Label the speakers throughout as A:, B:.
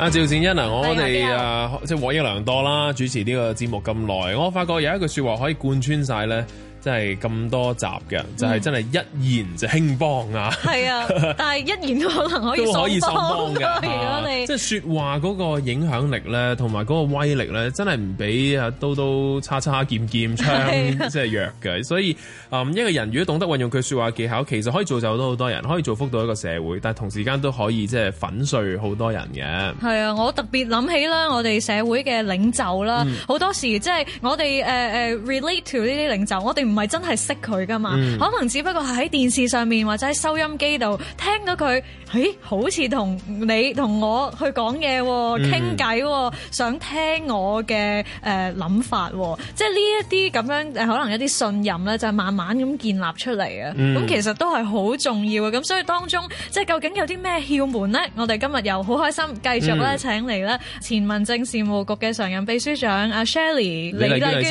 A: 阿趙善欣啊，一我哋啊即係獲益良多啦！主持呢個節目咁耐，我發覺有一句說話可以貫穿晒咧。即係咁多集嘅，就係、是、真係一言就興邦啊！係、嗯、 啊，
B: 但係一言都可能可以喪邦嘅。即係、 啊就
A: 是、說話嗰個影響力咧，同埋嗰個威力咧，真係唔俾啊刀刀叉叉劍劍槍，即係是、啊、弱嘅。所以，嗯，一個人如果懂得運用佢說話技巧，其實可以造就到好多人，可以造福到一個社會，但係同時間都可以即係、就是、粉碎好多人嘅。
B: 係啊，我特別諗起啦，我哋社會嘅領袖啦，好多時即係我哋誒誒 relate to 呢啲領袖，嗯就是、我哋。Uh, uh, 唔係真係識佢噶嘛？嗯、可能只不過喺電視上面或者喺收音機度聽到佢，咦？好似同你同我去講嘢傾偈，想聽我嘅誒諗法，即係呢一啲咁樣誒，可能一啲信任咧，就係慢慢咁建立出嚟啊，咁、嗯、其實都係好重要嘅。咁所以當中即係究竟有啲咩竅門咧？我哋今日又好開心，繼續咧請嚟咧前民政事務局嘅常任秘書長阿 Sh Shelly 李麗娟女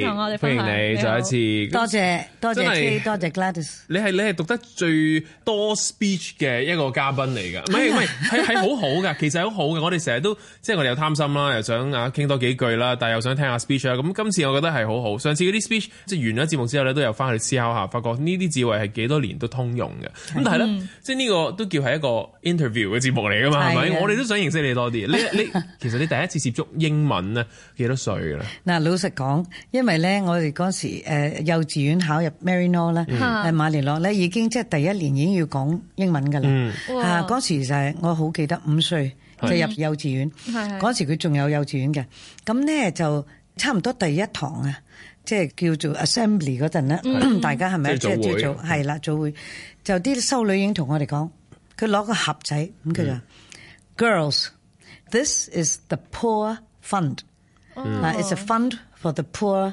B: 士，同我哋分享。歡迎你，再一次。多謝多謝是多謝 Gladys。
A: 你係你係讀得最多 speech 嘅一個嘉賓嚟㗎，唔係唔係係係好好㗎。 其實係好好嘅，我哋成日都即係我哋又貪心啦，又想啊傾多幾句啦，但係又想聽下 speech 啦。咁今次我覺得係好好。上次嗰啲 speech 即係完咗節目之後咧，都有翻去思考下，發覺呢啲智慧係幾多年都通用嘅。咁但係咧，嗯、即係呢個都叫係一個 interview 嘅節目嚟㗎嘛，係咪、嗯？我哋都想認識你多啲。 你你其實你第一次接觸英文咧，幾多歲㗎喇？
C: 嗱，老實講，因為咧我哋嗰時誒幼稚園考入 Marinol 咧、嗯，喺馬尼洛咧已經即係第一年已經要講英文嘅啦。嚇、嗯，嗰、啊、時就係、是、我好記得五歲就入幼稚園，嗰、嗯、時佢仲有幼稚園嘅。咁咧就差唔多第一堂啊，即係叫做 Assembly 嗰陣咧，是大家係咪即係叫做係啦的？早會就啲修女已經同我哋講，佢攞個盒仔咁，佢就、嗯、Girls，this is the poor
A: fund，it's、哦、a
C: fund for the poor。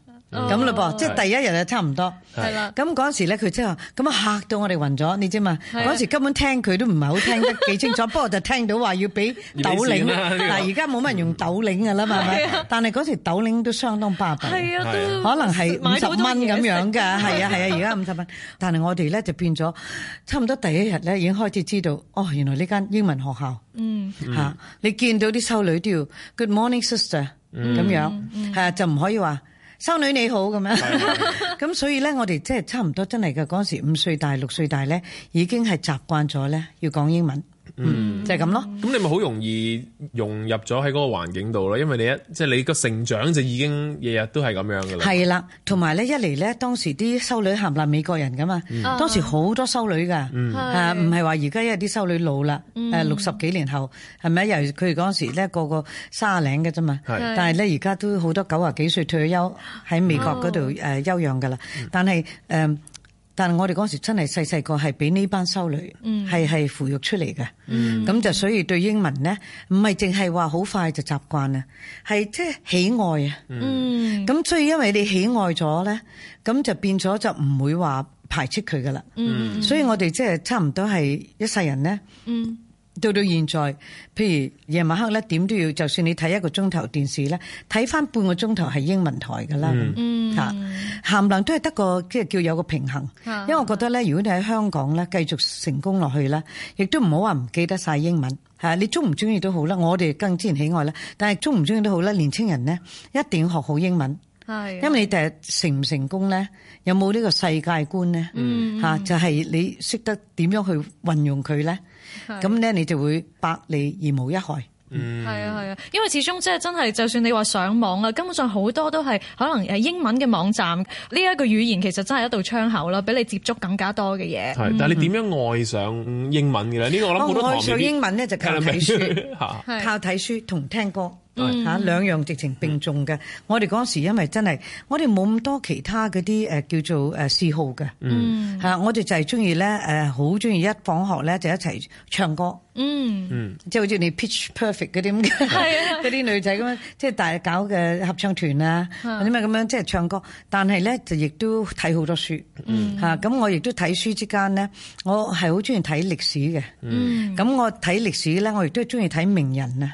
C: 咁嘞噃，即係第一日就差唔多。係啦，咁嗰陣時咧，佢即係咁啊嚇到我哋暈咗，你知嘛？嗰時根本聽佢都唔係好聽得幾清楚，不過就聽到話要俾斗零啦。嗱，而家冇乜人用斗零㗎啦嘛，但係嗰時斗零都相當巴閉，係啊都可能係五十蚊咁樣㗎，係啊係啊，而家五十蚊。但係我哋咧就變咗，差唔多第一日咧已經開始知道，哦原來呢間英文學校，
D: 嗯嚇，
C: 你見到啲修女都要 Good morning sister 咁樣，係就唔可以話。修女你好咁樣，咁 所以咧，我哋即係差唔多真係嘅，嗰陣時五歲大、六歲大咧，已經係習慣咗咧，要講英文。
A: 嗯，即係咁咯。咁你咪好容易融入咗喺嗰個環境度咯，因為你一即係你個成長就已經日日都係咁樣噶啦。係啦，
C: 同埋咧一嚟咧，當時啲修女冚唥美國人噶嘛，當時好多修女噶，啊唔係話而家一啲修女老啦，誒六十幾年後係咪？尤其佢哋嗰陣時咧個個卅零嘅啫嘛，但係咧而家都好多九啊幾歲退咗休喺美國嗰度誒休養噶啦，但係誒。但係我哋嗰時真係細細個係俾呢班修女係係扶育出嚟嘅，咁、嗯、就所以對英文咧，唔係淨係話好快就習慣啦，係即係喜愛啊，咁、嗯、所以因為你喜愛咗咧，咁就變咗就唔會話排斥佢噶啦，嗯、所以我哋即係差唔多係一世人咧。嗯到到現在，譬如夜晚黑咧點都要，就算你睇一個鐘頭電視咧，睇返半個鐘頭係英文台㗎啦，嚇，冚唪唥都係得個即係叫有個平衡。因為我覺得咧，如果你喺香港咧繼續成功落去咧，亦都唔好話唔記得晒英文嚇，你中唔中意都好啦，我哋更之然喜愛啦。但係中唔中意都好啦，年青人咧一定要學好英文。啊、因為你第日成唔成功咧，有冇呢個世界觀咧？吓、嗯嗯啊，就係、是、你識得點樣去運用佢咧，
B: 咁咧、
C: 啊、你就會百利而無一害。
B: 嗯，係啊係啊，因為始終即係真係，就算你話上網啊，根本上好多都係可能英文嘅網站，呢、這、一個語言其實真係一道窗口啦，俾你接觸更加多嘅嘢。係，但係你點
A: 樣愛上英文嘅咧？呢、嗯嗯、個我諗好多。愛上英文咧就靠睇書，什麼
C: 是靠睇書同聽歌。吓、嗯啊，兩樣直情並重嘅。嗯、我哋嗰時因為真係，我哋冇咁多其他嗰啲誒叫做誒嗜好嘅，吓、嗯啊、我哋就係中意咧誒，好中意一放學咧就一齊唱歌，嗯，即係、嗯、好似你 Pitch Perfect 嗰啲咁嘅，嗰啲、啊、 女仔咁樣，即、就、係、是、大搞嘅合唱團啦、啊，咁啊咁樣即係唱歌。但係咧就亦都睇好多書，吓咁、嗯啊、我亦都睇書之間咧，我係好中意睇歷史嘅，咁、嗯、我睇歷史咧，我亦都係中意睇名人啊。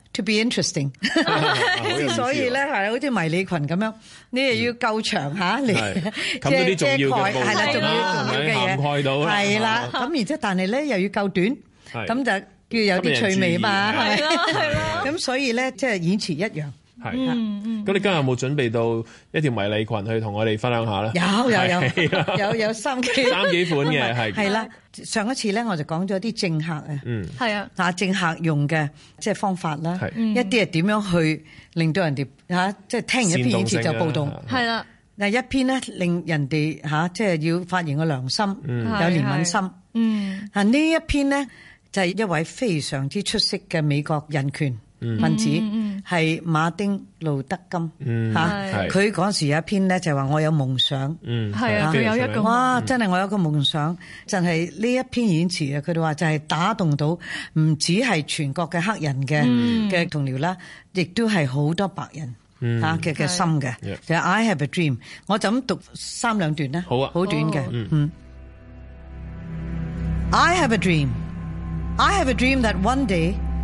C: Be interesting，所以咧係好似迷你裙咁樣，你又要夠長嚇
D: 嚟，冚到啲重要嘅嘢，係啦，重要嘅嘢係啦，
C: 咁而且但係咧又要夠短，咁就叫有啲趣味嘛，係咯。咁所以咧即係演辭一樣。
A: 係，咁你今日有冇準備到一條迷你裙去同我哋分享下咧？有，有，有，有有三幾三幾款嘅，係。係啦，
C: 上一次咧我就講咗啲政客啊，係啊，嗱政客用嘅即係方法啦，一啲係點樣去令到人哋即係聽完一篇詞就暴動。係啦，嗱一篇咧令人哋即係要發言個良心，有憐憫心，嗯，嗱呢一篇咧就係一位非常之出色嘅美國人權。分子係馬丁路德金嚇，佢嗰時有一篇咧就話我有夢想，
D: 係佢有一個哇，真
C: 係我有一個夢想就係呢一篇演詞啊！佢哋話就係打動到唔止係全國嘅黑人嘅嘅同僚啦，亦都係好多白人
D: 嚇嘅嘅心嘅，
C: 就 I have a dream，我就咁讀三兩段啦，好啊，好短嘅，嗯，I have a dream，I have a dream that one day。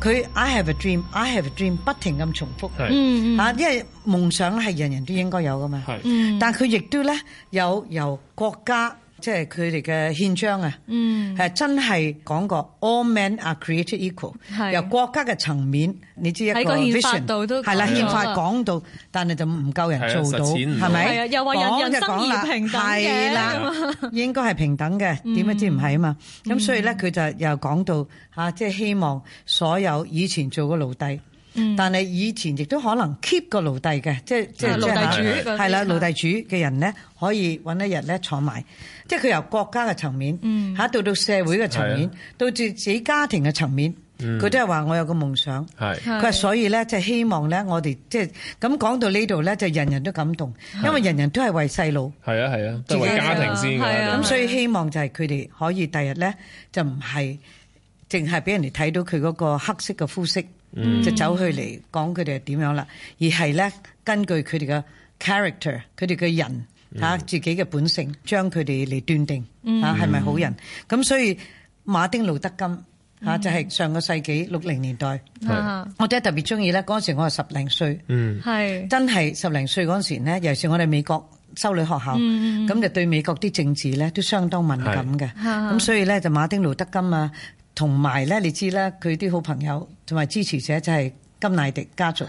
C: 佢 I have a dream，I have a dream，不停咁重複，啊是，因為夢想咧係人人都應該有噶嘛，是但佢亦都咧有由國家。即係佢哋嘅憲章啊，係真係講個 all men are created equal。由國家嘅層面，你知一個憲法都係啦，憲法講到，但係就唔夠人做到，係咪？又話人人生而平等嘅，應該係平等嘅，點樣知唔係啊嘛？咁所以咧，佢就又講到嚇，即係希望所有以前做過奴隸。但係以前亦都可能 keep 個奴隸嘅，即係即係奴隸主係啦，奴隸主嘅人咧可以揾一日咧坐埋，即係佢由國家嘅層面吓到到社會嘅層面，到自己家庭嘅層面，佢都係話我有個夢想。係佢話所以咧，即係希望咧，我哋即係咁講到呢度咧，就人人都感動，因為人人都係為細路，
A: 係啊係啊，為家庭先嘅。咁所
C: 以希望就係佢哋可以第日咧就唔係淨係俾人哋睇到佢嗰個黑色嘅膚色。就走去嚟講，佢哋係點樣啦，而係咧根據佢哋嘅 character，佢哋嘅人嚇自己嘅本性，將佢哋嚟斷定嚇係咪好人。咁所以馬丁路德金嚇就係上個世紀六零年代，我真係特別中意咧。嗰陣時我係十零歲，
D: 係
C: 真係十零歲嗰陣時咧，尤其是我哋美國修女學校，咁就對美國啲政治咧都相當敏感嘅。咁所以咧就馬丁路德金啊。同埋咧，你知啦，佢啲好朋友同埋支持者就係甘迺迪家族，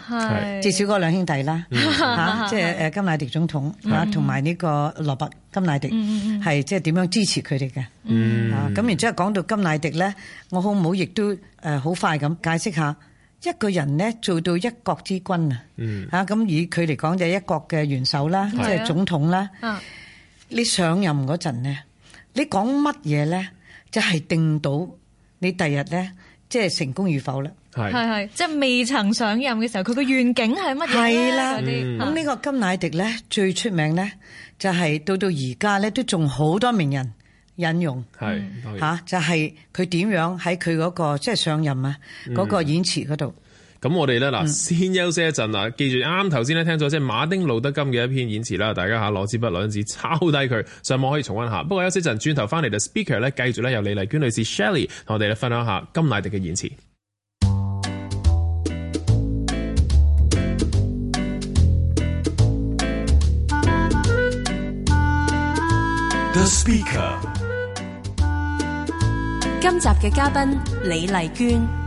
C: 至少嗰兩兄弟啦嚇，即係誒甘迺迪總統嚇，同埋呢個羅伯甘迺迪係即係點樣支持佢哋嘅。
D: 咁然
C: 之後講到甘迺迪咧，我好唔好亦都誒好快咁解釋下一個人咧做到一國之君啊嚇，咁以佢嚟講就係一國嘅元首啦，即係總統啦。你上任嗰陣咧，你講乜嘢咧，就係定到。你第日咧，即係成功與否咧？係
B: 係是即係未曾上任嘅時候，佢個願景係乜嘢咧？嗰啲咁呢個
C: 甘迺迪咧，最出名咧就係到到而家咧都仲好多名人引用。係嚇、嗯啊，就係佢點樣喺佢嗰個即係、就是、上任啊嗰個演辭嗰度。嗯
A: 咁我哋咧嗱，先休息一陣啦。嗯、記住啱頭先咧聽咗即係馬丁路德金嘅一篇演詞啦，大家嚇攞支筆攞張紙抄低佢，上網可以重溫下。不過休息一陣，轉頭翻嚟就 speaker 咧，繼續咧由李麗娟女士 Shelly 同我哋咧分享下甘迺迪嘅演詞。
D: The speaker。
A: 今集嘅嘉賓李麗娟。Speaker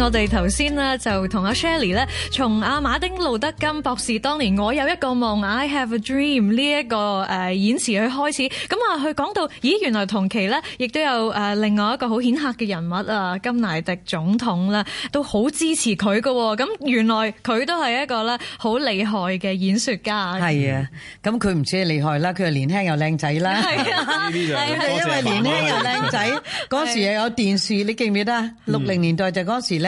B: 我哋頭先咧就同阿 Shelly 咧，從阿馬丁路德金博士當年我有一個夢，I have a dream 呢一個誒演詞去開始，咁啊佢講到，咦原來同期咧亦都有誒另外一個好顯赫嘅人物啊，甘迺迪總統啦，都好支持佢噶，咁原來佢都係一個咧好厲害嘅演說家。係啊，
C: 咁佢唔止係厲害啦，佢係年輕又靚仔啦。
D: 係、嗯、啊，係啊，因為年輕又靚仔，
C: 嗰 時又有電視，你記唔記得啊？六零年代就陣時咧。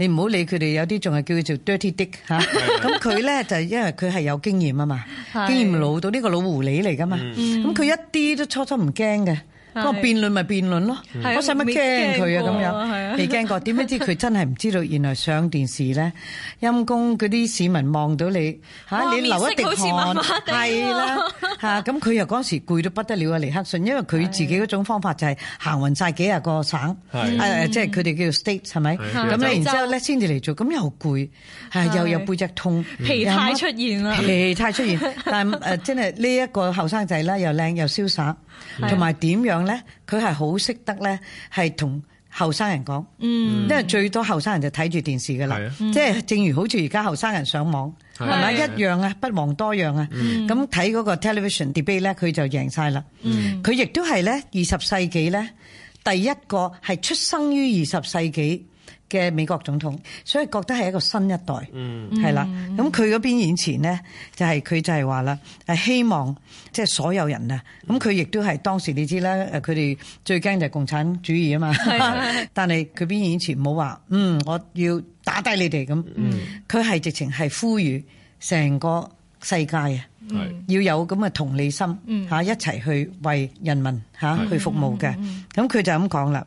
C: 你唔好理佢哋，有啲仲係叫做 dirty dick 吓、 嗯，咁佢咧就因為佢係有經驗啊嘛， 經驗老到呢個老狐狸嚟噶嘛，咁佢、嗯、一啲都初初唔驚嘅。嗰個辯論咪辯論咯，我使乜驚佢啊咁樣？未驚過，點解知佢真係唔知道，原來上電視咧陰公嗰啲市民望到你嚇，你流一滴汗，係啦嚇，咁佢又陣時攰到不得了啊，尼克遜，因為佢自己嗰種方法就係行勻曬幾廿個省，誒誒，即係佢哋叫 state 係咪？咁咧，然之後咧先至嚟做，咁又攰，係又有背脊痛，皮太出
B: 現啦，皮太出現，
C: 但係誒真係呢一個後生仔啦，又靚又瀟灑，同埋點樣？咧佢係好識得咧，係同後生人講，因為最多後生人就睇住電視㗎喇，即係正如好似而家後生人上網，係咪一樣啊？不遑多讓啊，咁睇嗰個 television debate 咧，佢就贏曬啦。佢亦都係咧二十世紀咧，第一個係出生於二十世紀嘅美國總統，所以覺得係一個新一代，嗯，係啦。咁佢嗰邊演辭咧，就係佢就係話啦，係希望即係所有人啊。咁佢亦都係當時你知啦，誒佢哋最驚就係共產主義啊嘛。但係佢邊演辭冇話，嗯，我要打低你哋咁。佢係直情係呼籲成個世界啊，要有咁嘅同理心嚇，一齊去為人民嚇去服務嘅。咁佢就咁講啦。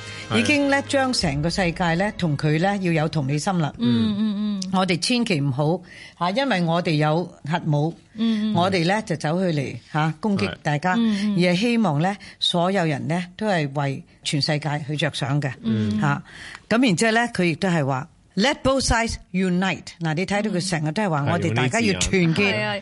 C: 已經咧將成個世界咧同佢咧要有同理心啦。嗯嗯嗯，hmm. 我哋千祈唔好嚇，因為我哋有核武，嗯、mm，hmm. 我哋咧就走去嚟嚇攻擊大家，mm hmm. 而係希望咧所有人咧都係為全世界去着想嘅。嗯、mm，嚇、hmm.，咁然之後咧，佢亦都係話 Let both sides unite。嗱，你睇到佢成日都係話我哋大家要團結。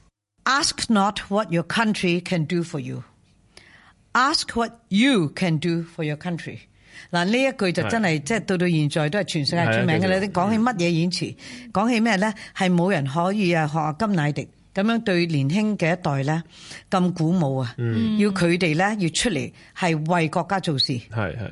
C: Ask not what your country can do for you, ask what you can do for your country。嗱，呢一句就真係即係到到現在都係全世界出名嘅咧。講、啊就是、起乜嘢演詞，講、嗯、起咩咧，係冇人可以啊，學阿甘迺迪咁樣對年輕嘅一代咧咁鼓舞啊！嗯、要佢哋咧要出嚟係為國家做事。係係。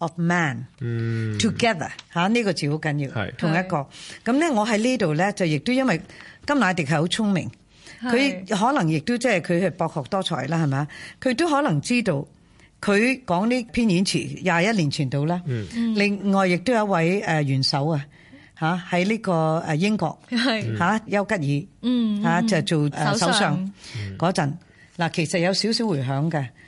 C: Of man together 嚇，呢個字好緊要，同一個咁咧，我喺呢度咧就亦都因為甘迺迪係好聰明，佢可能亦都即係佢係博學多才啦，係咪呀？佢都可能知道佢講呢篇演辭廿一年前到啦。另外亦都有一位誒元首啊嚇，喺呢個誒英國嚇丘吉爾
D: 嚇就做首相
C: 嗰陣，嗱其實有少少迴響嘅。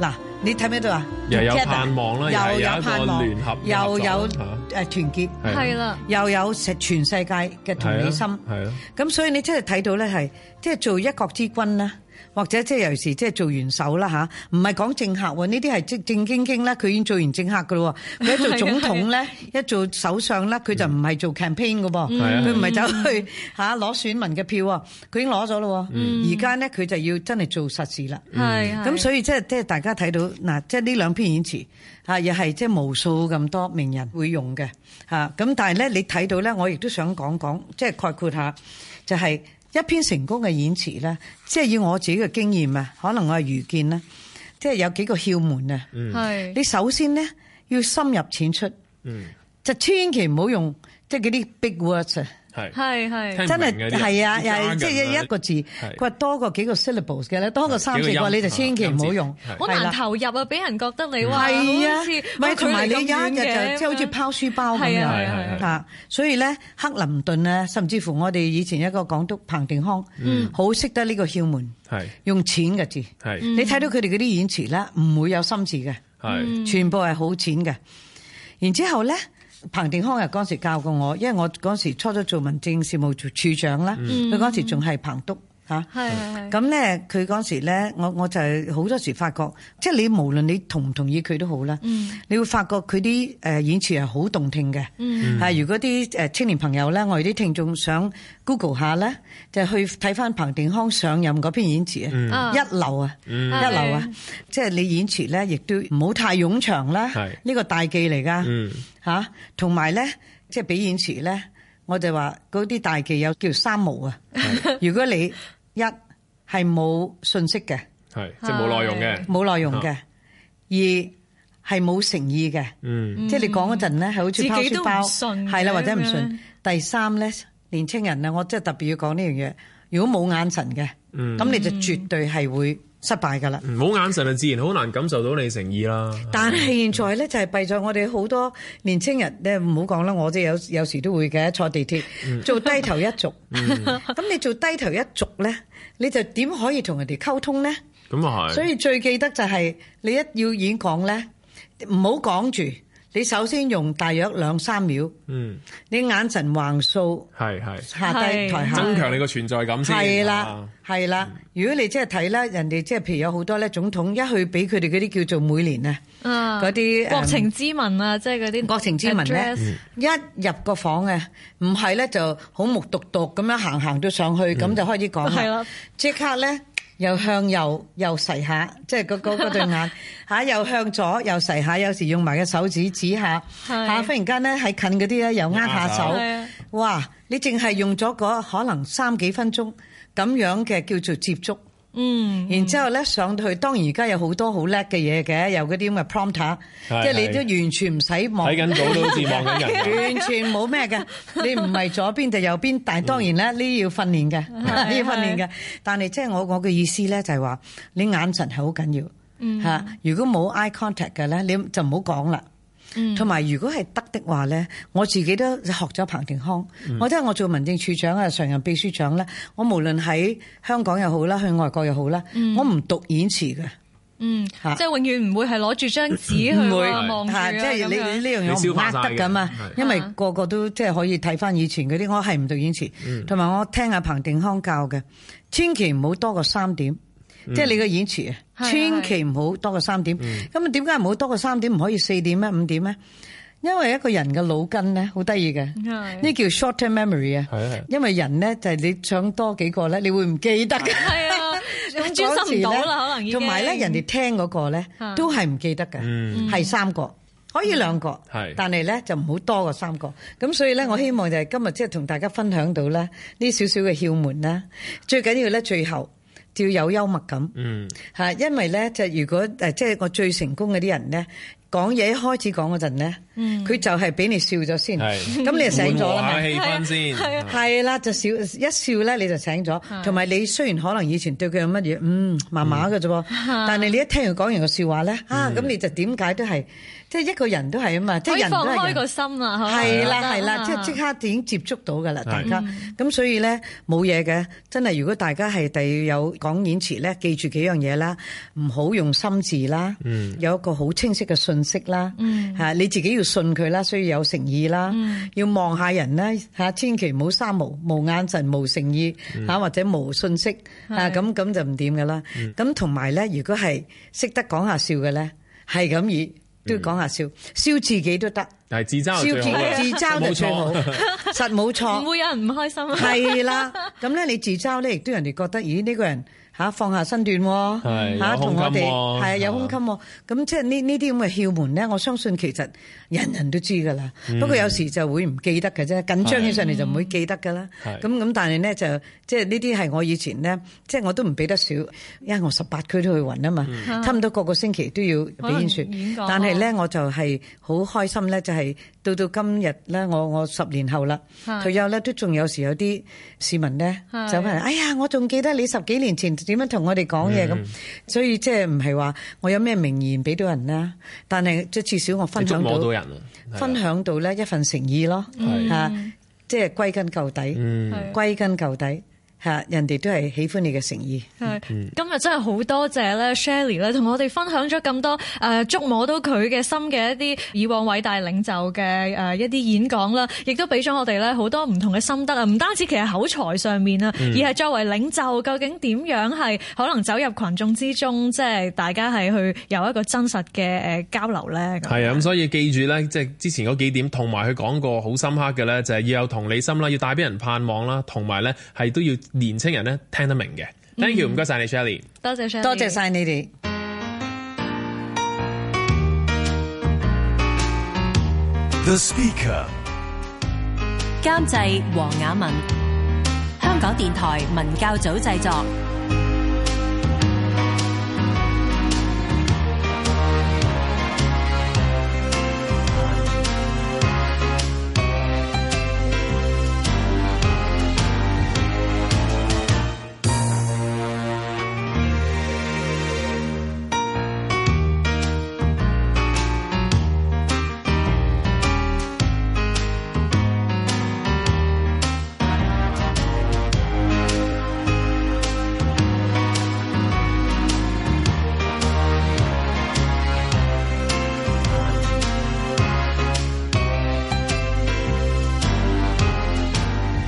C: 嗱，你睇咩都啊，又有盼望啦，又有，盼望又有個聯合，合，又有誒團結，係啦的，又有食全世界嘅同理心，係咯。咁所以你真係睇到咧，係即係做一國之君咧。或者即係有時即係做元首啦吓，唔係講政客喎，呢啲係正正經經咧，佢已經做完政客噶咯。佢一做總統咧，是是是一做首相咧，佢就唔係做 campaign 㗎噃，佢唔係走去嚇攞選民嘅票啊，佢已經攞咗咯。而家咧，佢就要真係做實事啦。咁是所以即係即係大家睇到嗱，即係呢兩篇演辭啊，又係即係無數咁多名人會用嘅嚇。咁但係咧，你睇到咧，我亦都想講講，即係概括下就係、是。一篇成功嘅演詞咧，即係以我自己嘅經驗啊，可能我係愚見啦，即係有幾個竅門啊。係、嗯、你首先咧要深入淺出，
D: 嗯、
C: 就千祈唔好用即係嗰啲 big words 啊。
B: 係係係，真係係啊！又係即係一
C: 個字，佢話多過幾個 syllables 嘅咧，多過三四個你就千祈唔好用，好難
B: 投入啊！俾人覺得你話好啊，唔係同埋你而家嘅就即係好似
C: 拋書包咁樣，所以咧克林頓啊，甚至乎我哋以前一個港督彭定康，好識得呢個竅門，用淺嘅字，你睇到佢哋嗰啲演詞咧，唔會有深字嘅，全部係好淺嘅，然之後咧。彭定康又嗰時教過我，因為我嗰時初初做民政事務處處長啦，佢嗰、嗯、時仲係彭督。咁咧，佢嗰時咧，我我就好多時發覺，即係你無論你同唔同意佢都好啦，你會發覺佢啲演詞係好動聽嘅。如果啲青年朋友咧，我哋啲聽眾想 Google 下咧，就去睇返彭定康上任嗰篇演詞啊，一流啊，
D: 一流啊，
C: 即係你演詞咧，亦都唔好太冗長啦。呢個大忌嚟㗎。同埋咧，即係俾演詞咧，我就話嗰啲大忌有叫三毛啊。如果你一係冇信息嘅，
D: 係即係冇內容嘅，冇內容嘅。
C: 二係冇誠意嘅，
D: 嗯，即係你
C: 講嗰陣咧，係好似拋書包，係啦，或者唔信。第三咧，年青人咧，我真係特別要講呢樣嘢，如果冇眼神嘅，嗯，咁你就絕對係會。失敗噶啦，
A: 冇眼神就自然好難感受到你誠意啦。
C: 但係現在咧就係弊咗，我哋好多年青人咧唔好講啦，我即係有有時都會嘅，坐地鐵做低頭一族。咁你做低頭一族咧，你就點可以同人哋溝通咧？
A: 咁啊係。所以
C: 最記得就係你一要演講咧，唔好講住。你首先用大約兩三秒，嗯，你眼神橫掃，
A: 係係下低台下，增強你個存在感先，係啦
C: 係啦。如果你即係睇咧，人哋即係譬如有好多咧，總統一去俾佢哋嗰啲叫做每年啊，嗰啲、嗯、國情
B: 咨文啊，即係嗰啲國情咨文咧，一
C: 入個房嘅，唔係咧就好目獨獨咁樣行行都上去，咁、嗯、就開始講係啦，即刻咧。又向右又垂下，即係、嗰個對眼吓， 又向左又垂下，有時用埋嘅手指指下吓，忽 是然間咧喺近嗰啲咧又握下手， 是哇！你淨係用咗個可能三幾分鐘咁樣嘅叫做接觸。嗯，嗯然之後咧，上到去，當然而家有好多好叻嘅嘢嘅，有啲咁嘅 prompter，即係你都完全唔使望，睇緊的，稿都好似望緊人，完全冇咩嘅。 你唔係左邊就右邊，但係當然咧呢、嗯、要訓練嘅，呢的要訓練嘅。是的但係即係我我嘅意思咧就係話你眼神係好緊要吓，嗯、如果冇 eye contact 嘅咧，你就唔好講啦。同埋，如果係得的話咧，我自己都學咗彭定康。我都係我做民政處長啊，常任秘書長咧，我無論喺香港又好啦，去外國又好啦，我唔讀演辭嘅。
B: 嗯，即係永遠唔會係攞住張紙去望住即係呢呢樣嘢唔得
C: 咁啊，因為個個都即係可以睇返以前嗰啲，我係唔讀演辭，同埋我聽阿彭定康教嘅，千祈唔好多過三點。即係你個演詞，千祈唔好多過三點。咁啊，點解唔好多過三點？唔可以四點咩？五點咩？因為一個人嘅腦筋咧，好得意嘅，呢叫 short term memory 啊。係啊係。因為人咧就係你想多幾個咧，你會唔記得嘅。係啊，你專心唔到啦，可能要。同埋咧，人哋聽嗰個咧，都係唔記得嘅，係三個，可以兩個，但係咧就唔好多過三個。咁所以咧，我希望就係今日即係同大家分享到咧呢少少嘅竅門啦。最緊要咧，最後。要有幽默感，嚇、嗯，因為咧就如果誒，即係我最成功嗰啲人咧，講嘢一開始講嗰陣咧，佢、嗯、就係俾你笑咗先，咁是你就醒咗啦，氣氛先，係啊，係啦、啊啊，就笑一笑咧你就醒咗，同埋是你雖然可能以前對佢有乜嘢，嗯，麻麻嘅啫噃，嗯、但係你一聽佢講完個笑話咧，嗯、啊，咁你就點解都係？即係一個人都係啊嘛，即係人都係開個
B: 心啊，係啦，係啦，即係即
C: 刻已經接觸到噶啦，大家咁所以咧冇嘢嘅真係。如果大家係第要有講演詞咧，記住幾樣嘢啦，唔好用心字啦，有一個好清晰嘅信息啦，嚇你自己要信佢啦，所以有誠意啦，要望下人啦嚇，千祈唔好三無，無眼神、無誠意嚇，或者無信息嚇，咁咁就唔掂噶啦。咁同埋咧，如果係識得講下笑嘅咧，係咁以。都要講下笑，嗯、笑自己都得。
A: 但係自嘲笑自己，自嘲最冇錯，
C: 實冇錯。唔會有人唔開心，啊 係。係啦，咁咧你自嘲咧，亦都人哋覺得，咦呢、呢個人。嚇放下身段喎，嚇同我哋係啊，有胸襟喎，咁即係呢呢啲咁嘅竅門咧，我相信其實人人都知㗎啦。不過有時就會唔記得㗎啫，緊張起上嚟就唔會記得㗎啦。咁咁但係咧就即係呢啲係我以前咧，即係我都唔俾得少，因為我十八區都去揾啊嘛，差唔多個個星期都要演說。但係咧我就係好開心咧，就係到到今日咧，我我十年後啦退休咧，都仲有時有啲市民咧就話，哎呀我仲記得你十幾年前。點樣同我哋講嘢咁，嗯、所以即係唔係話我有咩名言俾到人咧，但係即至少我分享到，到人分享到咧一份誠意咯，吓、嗯啊，即係歸根究底，歸、嗯、根究底。係啊，人哋都係喜歡你嘅誠意。
B: 係，今日真係好多謝咧，Shelly 咧，同我哋分享咗咁多誒，觸摸到佢嘅心嘅一啲以往偉大領袖嘅誒一啲演講啦，亦都俾咗我哋咧好多唔同嘅心得啊！唔單止其實口才上面啦，而係作為領袖，究竟點樣係可能走入群眾之中，即係大家係去有一個真實嘅誒交流咧。係
A: 啊，咁所以記住咧，即係之前嗰幾點同埋佢講過好深刻嘅咧，就係要有同理心啦，要帶俾人盼望啦，同埋咧係都要。年青人咧聽得明嘅，thank you 唔該晒你，Shelly，
C: 多謝 Shelly 多謝晒你哋。
D: The speaker，
B: 監製黃雅文，香港電台文教組製作。